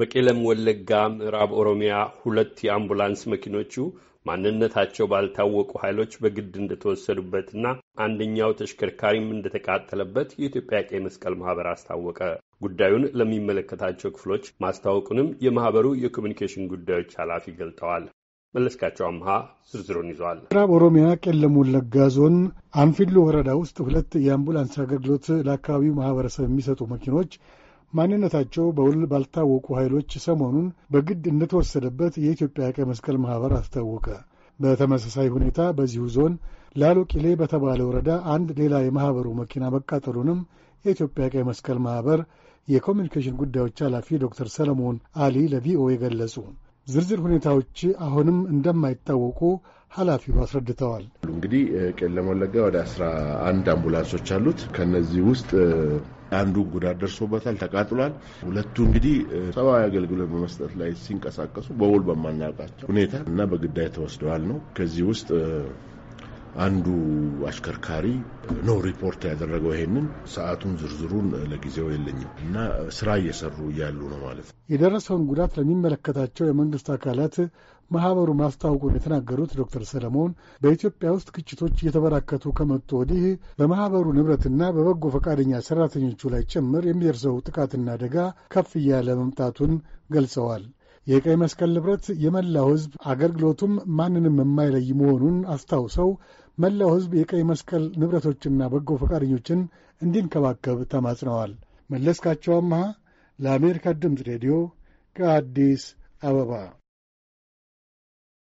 በቄለም ወለጋ፣ ምዕራብ ኦሮሚያ ሁለት የአምቡላንስ መኪኖቹ ማንነታቸው ባልታወቁ ኃይሎች በግድ እንደተወሰዱበትና አንደኛው ተሽከርካሪም እንደተቃጠለበት የኢትዮጵያ ቀይ መስቀል ማህበር አስታወቀ። ጉዳዩን ለሚመለከታቸው ክፍሎች ማስታወቁንም የማህበሩ የኮሚኒኬሽን ጉዳዮች ኃላፊ ገልጠዋል። መለስካቸው አምሃ ዝርዝሩን ይዟል። ምዕራብ ኦሮሚያ ቄለም ወለጋ ዞን አንፊሎ ወረዳ ውስጥ ሁለት የአምቡላንስ አገልግሎት ለአካባቢው ማህበረሰብ የሚሰጡ መኪኖች ማንነታቸው በውል ባልታወቁ ኃይሎች ሰሞኑን በግድ እንደተወሰደበት የኢትዮጵያ ቀይ መስቀል ማኅበር አስታወቀ። በተመሳሳይ ሁኔታ በዚሁ ዞን ላሎ ቂሌ በተባለ ወረዳ አንድ ሌላ የማኅበሩ መኪና መቃጠሉንም የኢትዮጵያ ቀይ መስቀል ማኅበር የኮሚኒኬሽን ጉዳዮች ኃላፊ ዶክተር ሰለሞን አሊ ለቪኦኤ ገለጹ። ዝርዝር ሁኔታዎች አሁንም እንደማይታወቁ ኃላፊው አስረድተዋል። እንግዲህ ቄለም ወለጋ ወደ አስራ አንድ አምቡላንሶች አሉት። ከነዚህ ውስጥ አንዱ ጉዳት ደርሶበታል፣ ተቃጥሏል። ሁለቱ እንግዲህ ሰብአዊ አገልግሎት በመስጠት ላይ ሲንቀሳቀሱ በውል በማናውቃቸው ሁኔታ እና በግዳይ ተወስደዋል ነው ከዚህ ውስጥ አንዱ አሽከርካሪ ነው ሪፖርት ያደረገው ይሄንን። ሰዓቱን ዝርዝሩን ለጊዜው የለኝም እና ስራ እየሰሩ እያሉ ነው ማለት ነው። የደረሰውን ጉዳት ለሚመለከታቸው የመንግስት አካላት ማህበሩ ማስታወቁን የተናገሩት ዶክተር ሰለሞን በኢትዮጵያ ውስጥ ግጭቶች እየተበራከቱ ከመጡ ወዲህ በማህበሩ ንብረትና በበጎ ፈቃደኛ ሰራተኞቹ ላይ ጭምር የሚደርሰው ጥቃትና አደጋ ከፍ እያለ መምጣቱን ገልጸዋል። የቀይ መስቀል ኅብረት የመላው ሕዝብ አገልግሎቱም ማንንም የማይለይ መሆኑን አስታውሰው መላው ሕዝብ የቀይ መስቀል ንብረቶችና በጎ ፈቃደኞችን እንዲንከባከብ ተማጽነዋል። መለስካቸው አምሃ ለአሜሪካ ድምፅ ሬዲዮ ከአዲስ አበባ